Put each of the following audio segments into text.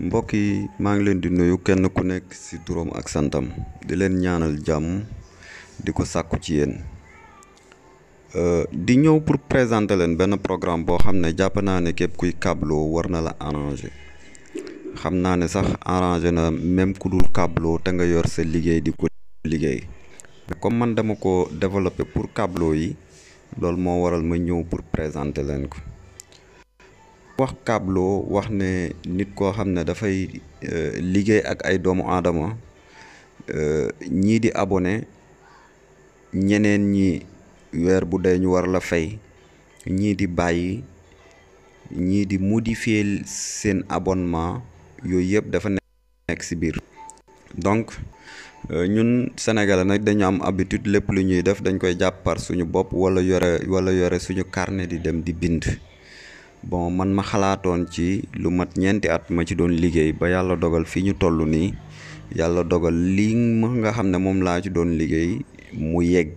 mbokk yi maa ngi leen di nuyu kenn ku nekk ci turam ak santam di leen ñaanal jàmm di ko sàkku ci yéen euh, di ñëw pour présenter leen benn programme boo xam ne jàpp naa ne képp kuy kabloo war na la arranger xam naa ne sax arranger na même ku dul kabloo te nga yor sa liggéey di ko liggéey comme man dama ko développer pour kabloo yi loolu moo waral ma ñëw pour présenter leen ko wax Kablo wax ne nit koo xam ne dafay euh, liggéey ak ay doomu aadama euh, ñii di abone ñeneen ñi weer bu dee ñu war la fay ñii di bàyyi ñii di mu di modifier seen abonnement yooyu yëpp dafa nekk ci biir donc euh, ñun sénégalais nag dañu am habitude lépp lu ñuy def dañ koy jàppar suñu bopp wala yore wala yore suñu karne di dem di bind bon man ma xalaatoon ci lu mat ñeenti at ma ci doon liggéey ba yàlla dogal fii ñu toll nii yàlla dogal lii ma nga xam ne moom laa ci doon liggéey mu yegg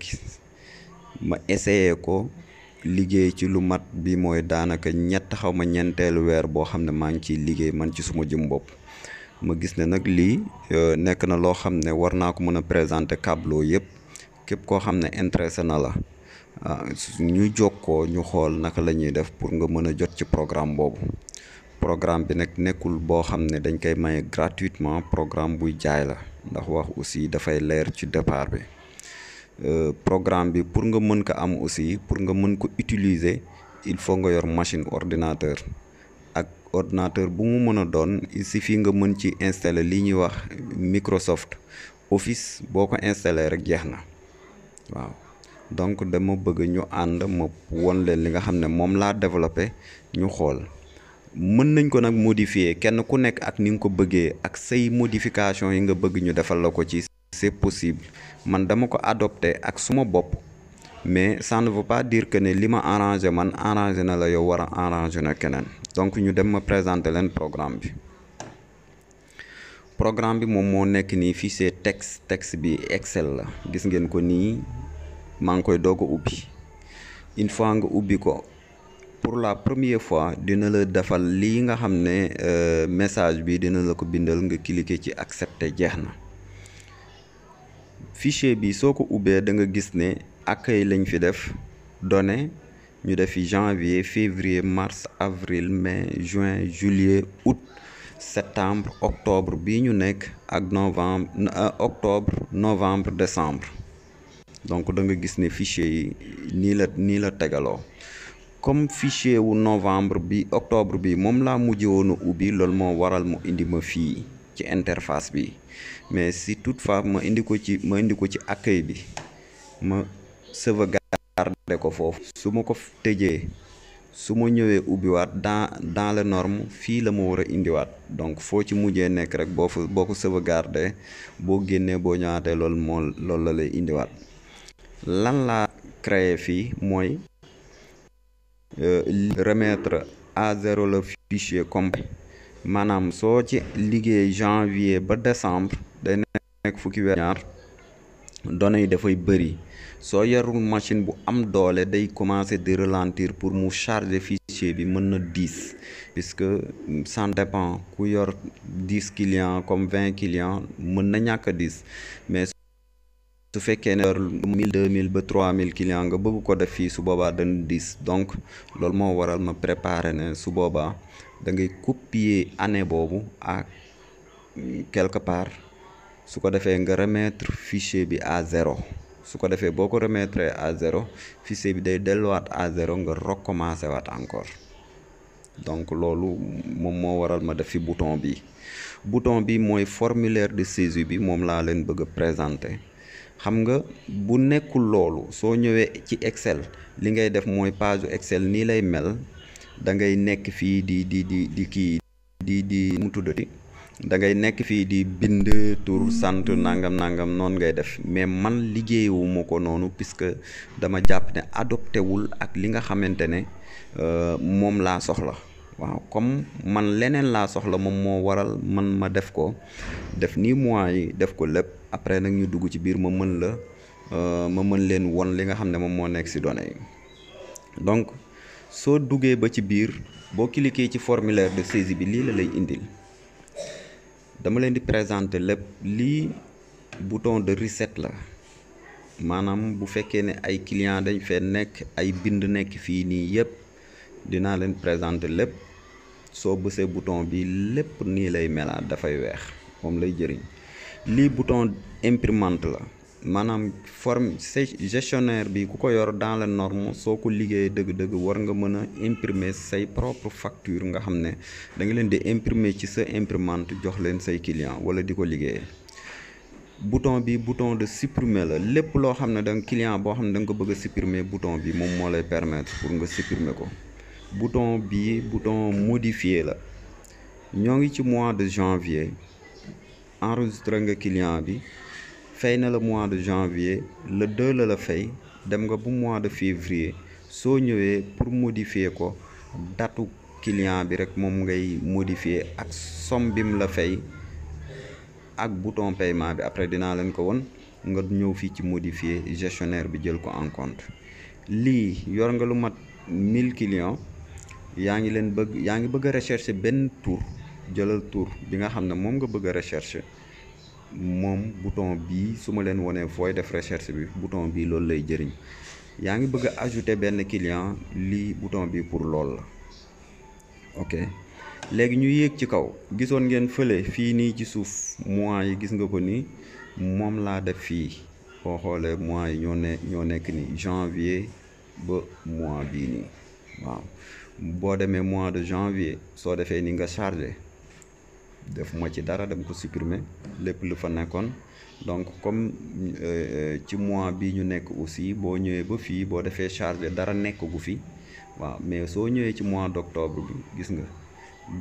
ma essayé ko liggéey ci lu mat bi mooy daanaka ñett xaw ma ñeenteelu weer boo xam ne maa ngi ciy liggéey man ci suma jëm bopp ma gis ne nag lii euh, nekk na loo xam ne war naa ko mën a présenter Kablo yëpp képp koo xam ne intéressé na la Ah, ñu jokkoo ñu xool naka la ñuy def pour nga mën a jot ci programme boobu programme bi nag nekkul boo xam ne dañ koy maye gratuitement programme buy jaay la ndax wax aussi dafay leer ci départ bi euh, programme bi pour nga mën ko am aussi pour nga mën ko utiliser il faut nga yor machine ordinateur ak ordinateur bu mu mën a doon il suffit nga mën ci installer li ñuy wax Microsoft Office boo ko installé rek jeex na waaw donc dama bëgg ñu ànd ma won leen li nga xam ne moom laa développé ñu xool mën nañ ko nag modifier kenn ku nekk ak ni nga ko bëggee ak say modification yi nga bëgg ñu defal la ko ci c'est possible man dama ko adopté ak suma bopp mais ça ne veut pas dire que ne li ma arrangé man arrangé na la yow war a arrangé na keneen donc ñu dem ma présenter leen programme bi programme bi moom moo nekk nii fii c'est texte texte bi Excel la gis ngeen ko nii maa ngi koy doog a ubbi une fois nga ubbi ko pour la premier fois dina la defal lii nga xam ne euh, message bi dina la ko bindal nga cliquer ci ak septe jeex na fichier bi soo ko ubbee da nga gis ne accueil lañ fi def données ñu def fi janvier février mars avril mais juin juillet août septembre octobre bi ñu nekk ak novembre euh, octobre novembre décembre donc da nga gis ne fichier yi nii la nii la tegaloo comme fichier wu novembre bi octobre bi moom laa mujje woon a ubbi loolu moo waral mu indi ma fii ci interface bi mais si toutefois ma indi ko ci ma indi ko ci accueil bi ma sauvegarder ko foofu su ma ko tëjee su ma ñëwee ubbiwaat dans dans les normes fii la ma war a indiwaat donc foo ci mujjee nekk rek boo fa boo ko sauvegarder boo génnee boo ñëwaatee loolu moo loolu la lay indiwaat lan laa créer fii mooy euh, remettre à zéro le fichier complet maanaam soo ci liggéey janvier ba décembre day nekk fukki weer ñaar données yi dafay bëri soo yarul machine bu am doole day commencer de ralentir pour mu charger fichier bi mën na dix puisque ça dépend ku yor dix clients comme vingt clients mën na ñàkk dix mais su fekkee ne mille deux mille ba trois mille clients nga bëgg ko def fii su boobaa dana diis donc loolu moo waral ma préparer ne su boobaa da ngay copier année boobu à quelque part su ko defee nga remettre fichier bi à zéro su ko defee boo ko remettre à zéro fichier bi day delluwaat à zéro nga recommencer waat encore donc loolu moom moo waral ma def fi bouton bi bouton bi mooy formulaire de saisie bi moom laa leen bëgg a présenter xam nga bu nekkul loolu soo ñëwee ci Excel li ngay def mooy page Excel nii lay mel da ngay nekk fii di di di di kii di di mu tuddati da ngay nekk fii di bind tur sant nangam nangam noonu ngay def mais man liggéeyewuma ko noonu puisque dama jàpp ne adopté wul ak li nga xamante ne euh, moom laa soxla waaw comme man leneen laa soxla moom moo waral man ma def ko def nii mois yi def ko lépp. après nag ñu dugg ci biir ma mën la euh, ma mën leen won li nga xam ne moom moo nekk si données yi donc soo duggee ba ci biir boo cliquer ci formulaire de saisi bi lii la lay indil dama leen di présenter lépp lii bouton de reset la maanaam bu fekkee ne ay client dañ fee nekk ay bind nekk fii nii yëpp dinaa leen présenter lépp soo bësee bouton bi lépp nii lay melaat dafay weex moom lay jëriñ lii bouton imprimante la maanaam forme gestionnaire bi ku ko yor dans la norme soo ko liggéeyee dëgg-dëgg war nga mën a imprimer say propre facture nga xam ne da nga leen di imprimer ci sa imprimante jox leen say client wala di ko liggéeyee bouton bi buton de supprimer la lépp loo xam ne da nga client boo xam ne danga ko bëgg a supprimer bouton bi moom moo lay permettre pour nga supprimer ko bouton bi bouton modifier la ñoo ngi ci mois de janvier enregistré nga client bi fay na la mois de janvier le 2 la la fay dem nga bu mois de février soo ñëwee pour modifier ko datu client bi rek moom ngay modifier ak somme bi la fay ak bouton paiement bi après dinaa leen ko won nga ñëw fii ci modifier gestionnaire bi jël ko encontre lii yor nga lu mat mille clients yaa ngi leen bëgg yaa ngi bëgg a rechercher benn tour jëlal tour bi nga xam ne moom nga bëgg a recherche moom bouton bii su ma leen wonee fooy def recherche bi bouton bii loolu lay jëriñ yaa ngi bëgg a benn client lii bouton bi pour lool la ok léegi ñu yéeg ci kaw gisoon ngeen fële fii nii ci suuf mois yi gis nga ko nii moom laa def fii boo xoolee mois yi ñoo ne ñoo nekk nii janvier ba mois bii nii waaw boo demee mois de janvier soo defee ni nga chargé defuma ci dara dem ko supprimer lépp lu fa nekkoon donc comme euh, euh, ci mois bi ñu nekk aussi boo ñëwee ba fii boo defee chargé dara nekk gu fi waaw mais soo ñëwee ci mois d'octobre bi gis nga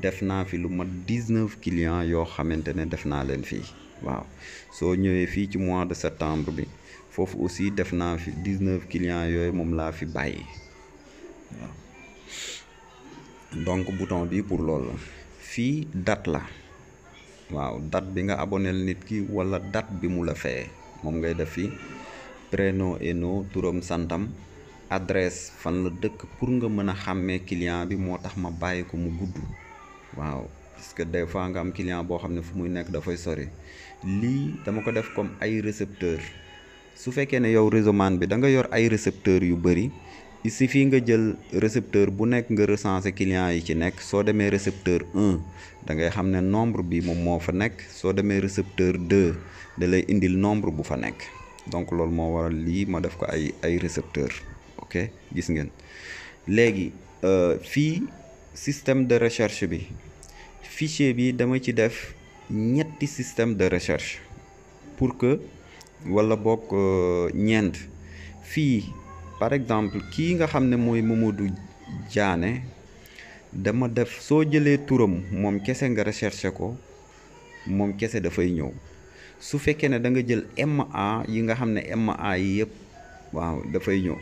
def naa fi lu mat dix-neuf clients yoo xamante ne def naa leen fii waaw soo ñëwee fii ci mois de septembre bi foofu aussi def naa fi dix-neuf clients yooyu moom laa fi bàyyi waaw donc bouton bi pour loolu la fii date la waaw date bi nga aboneel nit ki wala date bi mu la fayee moom ngay def fi prénom et nom turam santam adresse fan la dëkk pour nga mën a xàmmee client bi moo tax ma bàyyi ko mu gudd waaw parce que des fois nga am client boo xam ne fu muy nekk dafay sori lii dama ko def comme ay récepteur su fekkee ne yow réseau bi da nga yor ay récepteur yu bëri ici fii nga jël récepteur bu nekk nga recensé clients yi ci nekk soo demee récepteur 1 da ngay xam ne nombre bi moom moo fa nekk soo demee récepteur 2 da lay indil nombre bu fa nekk donc loolu moo waral lii ma def ko ay ay récepteur ok gis ngeen léegi euh, fii système de recherche bi fichier bi dama ci def ñetti système de recherche pour que walla bokk euh, ñeent fii par exemple kii nga xam ne mooy du Diané dama def soo jëlee turam moom kese nga recherché ko moom kese dafay ñëw su fekkee ne da nga jël MA yi nga xam ne MA yi yëpp waaw dafay ñëw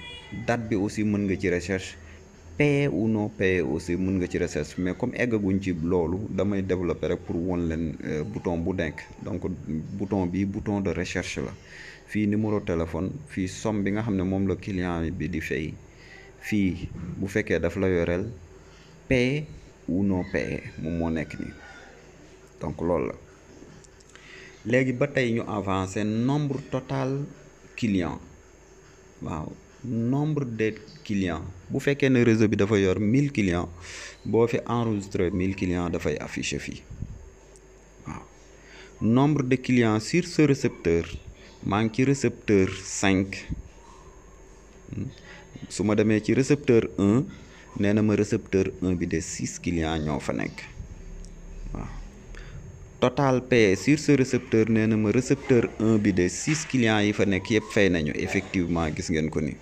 date bi aussi mën nga ci recherche P ou non P aussi mun nga ci recherche mais comme eggaguñ ci loolu damay développer rek pour won leen euh, bouton bu denk donc bouton bii bouton de recherche la fii numéro téléphone fii somme bi nga xam ne moom la client bi di fay fii bu fekkee daf la yoreel P ou non P moom moo nekk nii donc loolu la léegi ba tey ñu avancé nombre total client waaw nombre de clients bu fekkee ne réseau bi dafa yor mille clients boo fi enregistré 1000 clients dafay affiché fii waaw nombre de clients sur ce récepteur maa ngi ci recepteur cinq hmm? su ma demee ci récepteur un nee na ma récepteur un bi de 6 clients ñoo fa nekk waaw total payé sur ce récepteur nee na ma recepteur un bi de 6 clients yi fa nekk yëpp fay nañu effectivement gis ngeen ko ni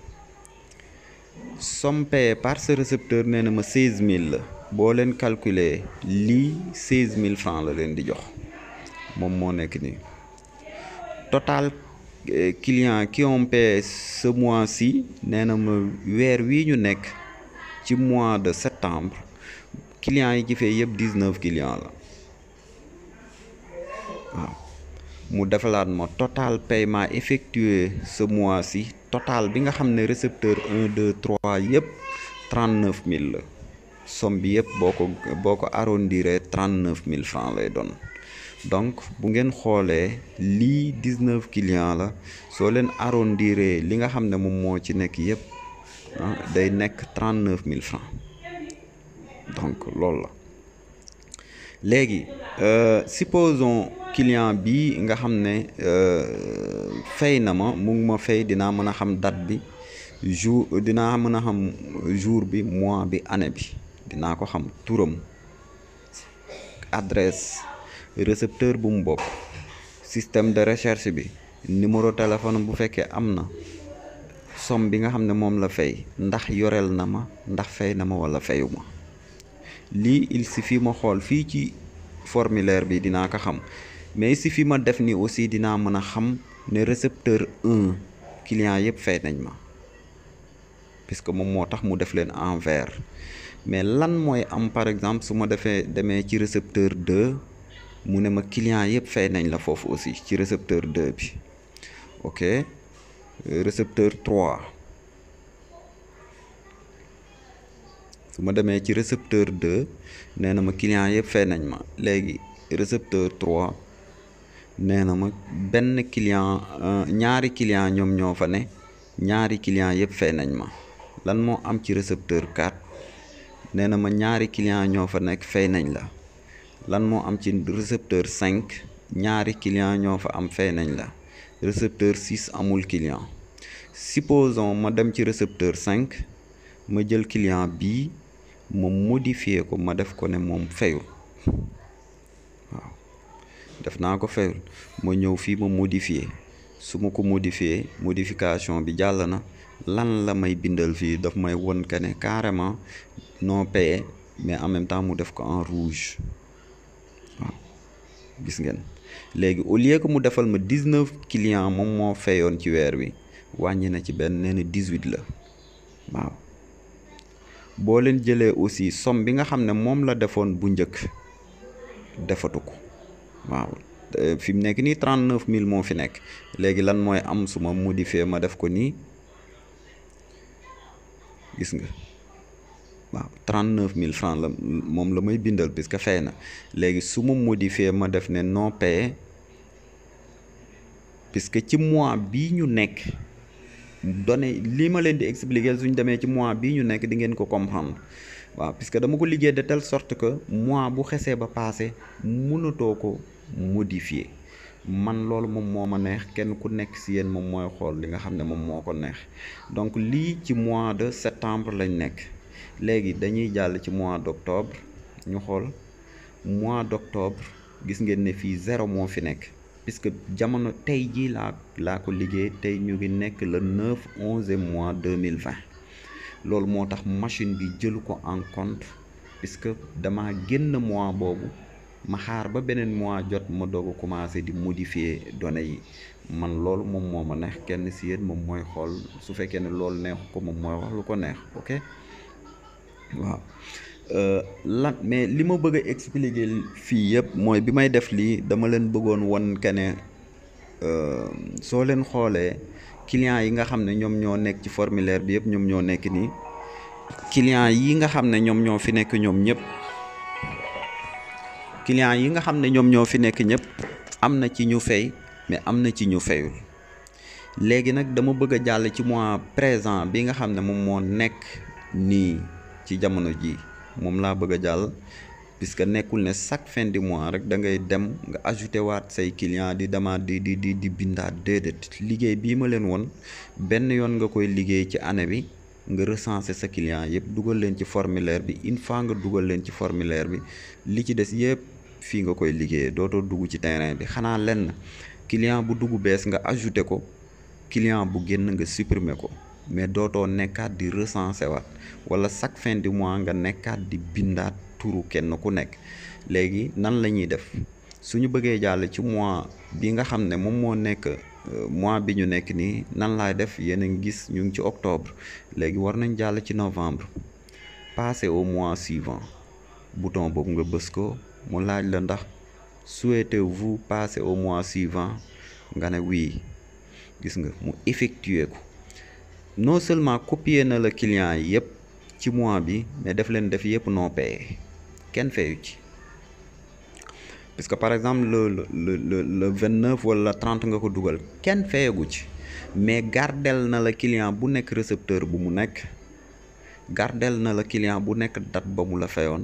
sompee par ce récepteur nee na ma mille la boo leen calculer lii mille francs la leen di jox moom moo nekk nii total eh, client qui ont payé ce mois-ci nee na ma weer wii ñu nekk ci mois de septembre clients yi ci fee yëpp 19 clients la mu defalaat ma total paiement effectué ce mois si total bi nga xam ne récepteur un deux trois yëpp trente neuf mille la somme bi boo ko boo ko arrondiree mille francs lay doon donc bu ngeen xoolee lii dix neuf clients la soo leen arrondiree li nga xam ne moom moo ci nekk yëpp ah, day nekk trente mille francs donc loolu la léegi euh, client bii nga xam ne euh, fay na ma mu ngi ma fay dinaa mën a xam date bi jour dinaa mën a xam jour bi mois bi année bi dinaa ko xam turam adresse récepteur bu mu bokk système de recherche bi numéro téléphone bu fekkee am na some bi nga xam ne moom la fay ndax yoreel na ma ndax fay na ma wala fayu ma lii il suffit ma xool fii ci formulaire bi dinaa ko xam mais si fi ma def ni aussi dinaa mën a xam ne récepteur 1 client yëpp fay nañ ma puisque moom moo tax mu def leen en vert mais lan mooy am par exemple su ma defee demee ci récepteur 2 mu ne ma client yëpp fay nañ la foofu aussi ci récepteur 2 bi ok recepteur 3 su ma demee ci récepteur 2 nee na ma client yëpp fay nañ ma léegi récepteur 3 nee na ma benn client euh, ñaari client ñoom ñoo fa ne ñaari client yëpp fay nañ ma lan moo am ci récepteur 4 nee na ma ñaari client ñoo fa nekk fay nañ la lan moo am ci récepteur 5 ñaari client ñoo fa am fay nañ la récepteur 6 amul client supposons ma dem ci récepteur 5 ma jël client bii ma modifier ko ma def ko ne moom fayul def naa ko fail ma ñëw fii ma modifier su ma ko modifier modification bi jàll na lan la may bindal fii daf may won que ne carrément non payé mais en même temps mu def ko en rouge waaw gis ngeen léegi au lieu que mu defal ma 19 clients moom moo fayoon ci weer wi wàññi na ci benn nee na 18 la waaw boo leen jëlee aussi somme bi nga xam ne moom la defoon bu njëkk defatu ko waaw fi mu nekk nii trente neuf mille moo fi nekk léegi lan mooy am su ma modifier ma def ko nii gis nga waaw trente neuf mille franc la moom la may bindal puisque fay na léegi su ma modifier ma def ne non payé puisque ci mois bii ñu nekk données lii ma leen di expliquer suñ demee ci mois bii ñu nekk di ngeen ko comprendre waaw puisque dama ko liggéey de telle sorte que mois bu xesee ba passé mënatoo ko modifier man loolu moom moo ma neex kenn ku nekk si yéen moom mooy xool li nga xam ne moom moo ko neex donc lii ci mois de septembre lañ nekk léegi dañuy jàll ci mois d' octobre ñu xool mois d' octobre gis ngeen ne fii zéro moo fi nekk puisque jamono tey jii laa laa ko liggéey tey ñu ngi nekk le 9 11 mois 2020 loolu moo tax machine bi jëlu ko en compte que dama génn mois boobu ma xaar ba beneen mois jot ma doog a commencé di modifier données yi man loolu moom moo ma neex kenn si yéen moom mooy xool su fekkee ne loolu neexu ko moom mooy wax lu ko neex ok waaw euh, lan mais li ma bëgg a fii yëpp mooy bi may def lii dama leen bëggoon won kene euh, soo leen xoolee clients yi nga xam ne ñoom ñoo nekk ci formulaire bi yëpp ñoom ñoo nekk nii clients yi nga xam ne ñoom ñoo fi nekk ñoom ñëpp clients yi nga xam ne ñoom ñoo fi nekk ñëpp am na ci ñu fay mais am na ci ñu fayul léegi nag dama bëgg a jàll ci mois présent bi nga xam ne moom moo nekk nii ci jamono ji moom laa bëgg a jàll puisque nekkul ne chaque fin du mois rek da ngay dem nga ajouté waat say client di demaat di di di di bindaat déedéet liggéey bii ma leen woon benn yoon nga koy liggéey ci année bi nga recenser sa client yëpp dugal leen ci formulaire bi une fois nga dugal leen ci formulaire bi li ci des yëpp fii nga koy liggéeyee dootoo dugg ci terrain bi xanaa lenn client bu dugg bees nga ajouté ko client bu génn nga supprimer ko mais dootoo nekkaat di recenser waat wala chaque fin du mois nga nekkaat di bindaat. turu kenn ku nekk léegi nan la ñuy def suñu bëggee jàll ci mois bi nga xam ne moom moo nekk euh, mois bi ñu nekk nii nan laay def yéen a ngi gis ñu ngi ci octobre léegi war nañ jàll ci novembre passer au mois suivant bouton boobu nga bës ko mu laaj la ndax souhaitez-vous passer au mois suivant nga ne wii gis nga mu effectuer ko non seulement copier na la client yépp ci mois bi mais def leen def yépp non payé kenn fayu ci parce que par exemple le le le le vingt neuf wala trente nga ko dugal kenn fayagu ci mais gardel na la client bu nekk récepteur bu mu nekk gardel na la client bu nekk date ba mu la fayoon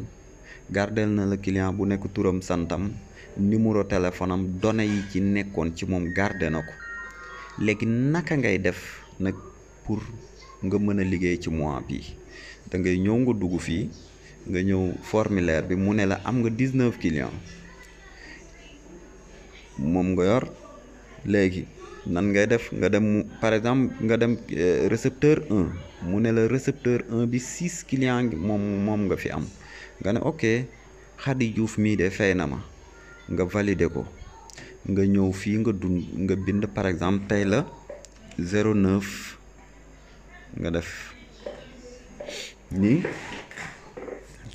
gardel na la client bu nekk turam santam numéro téléphone am données yi ci nekkoon ci moom garde na ko léegi naka ngay def nag pour nga mën a liggéey ci mois bi da ngay ñëw nga dugg fii. nga ñëw formulaire bi mu ne la am nga dix-neuf clients moom nga yor léegi nan ngay def nga dem mu par exemple nga dem euh, récepteur un mu ne la récepteur un bi six clients moom moom nga fi am nga ne ok Khady Diouf mii de fay na ma nga valider ko nga ñëw fii nga dund nga bind par exemple tey la zéro neuf nga def nii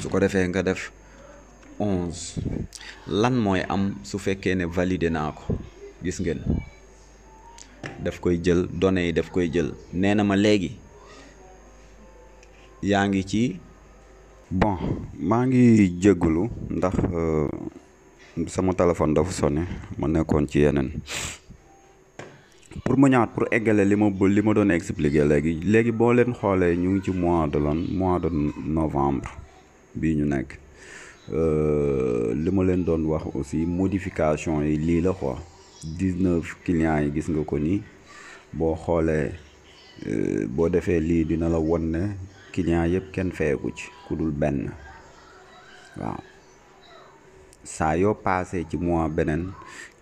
su ko defee nga def onze lan mooy am su fekkee ne validé naa ko gis ngeen daf koy jël données yi daf koy jël nee na ma léegi yaa ngi ci bon maa ngi jégalu ndax euh, sama téléphone dafa sonne ma nekkoon ci yeneen pour ma ñaat pour eggale li ma li ma doon expliquer léegi léegi boo leen xoolee ñu ngi ci mois de lan mois de novembre bii ñu nekk euh, li ma leen doon wax aussi modification yi lii la quoi dix-neuf clients yi gis nga ko nii boo xoolee euh, boo defee lii dina la won ne client yëpp kenn feeku ci ku dul benn waaw saa yoo paase ci mois beneen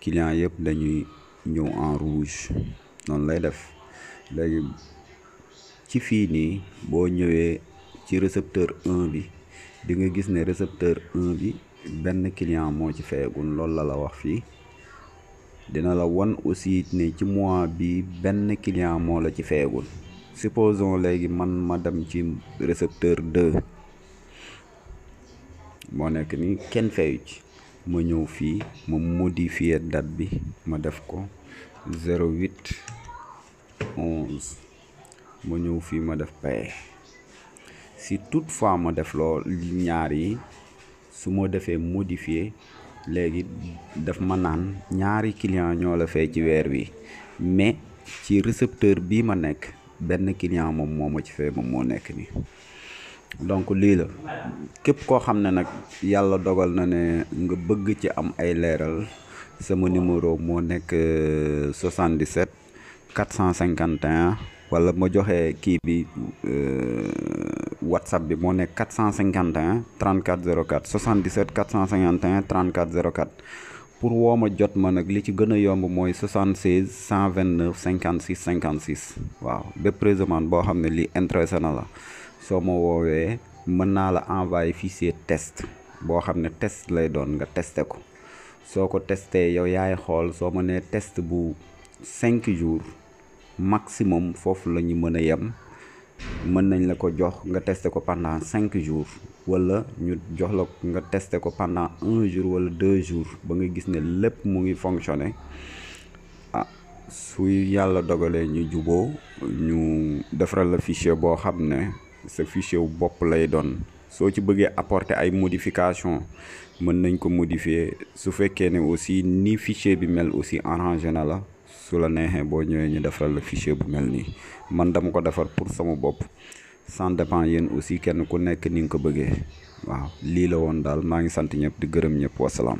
client yëpp dañuy ñëw en rouge noonu lay def léegi ci fii nii boo ñëwee ci récepteur 1 bi di nga gis ne récepteur 1 bi benn client moo ci fayagul loolu la la wax fii dina la won aussi ne ci mois bi benn client moo la ci fayagul supposons léegi man ma dem ci récepteur 2 moo nekk ni kenn fayu ci ma ñëw fii ma modifier dat bi ma def ko 08 11 ma ñëw fii ma def paye si tout fois ma def lool ñaar yi su ma defee modifier léegi daf ma naan ñaari client ñoo la fay ci weer wi mais ci recepteur bii ma nekk benn client moom moo ci fay moom moo nekk nii donc lii la képp koo xam ne nag yàlla dogal na ne nga bëgg ci am ay leeral sama numéro moo nekk 77 euh, 451 wala ma joxe kii bi euh, whatsapp bi moo nekk 451 34 04 77 451 34 04 pour woo ma jot ma nag li ci gën a yomb mooy 76 129 56 56 waaw bépp présentement boo xam ne lii intéressé na la soo ma woowee mën naa la envoyé fichier test boo xam ne test lay doon nga testé ko soo ko testee yow yaay xool soo ma nee test bu cinq jours. maximum foofu la ñu mën a yem mën nañ la ko jox nga tester ko pendant cinq jours wala ñu jox la nga tester ko pendant un jour wala deux jours ba nga gis ne lépp mu ngi fonctionner ah su yàlla dogalee ñu juboo ñu defaral la fichier boo xam ne sa fichier wu bopp lay doon soo ci bëggee apporter ay modification mën nañ ko modifier su fekkee ne aussi ni fichier bi mel aussi arrangé na la su la neexee boo ñëwee ñu defaral la fichier bu mel nii man dama ko defar pour sama bopp sans dépend yéen aussi kenn ku nekk ni nga ko bëggee waaw lii la woon daal maa ngi sant ñëpp di gërëm ñëpp wasalaam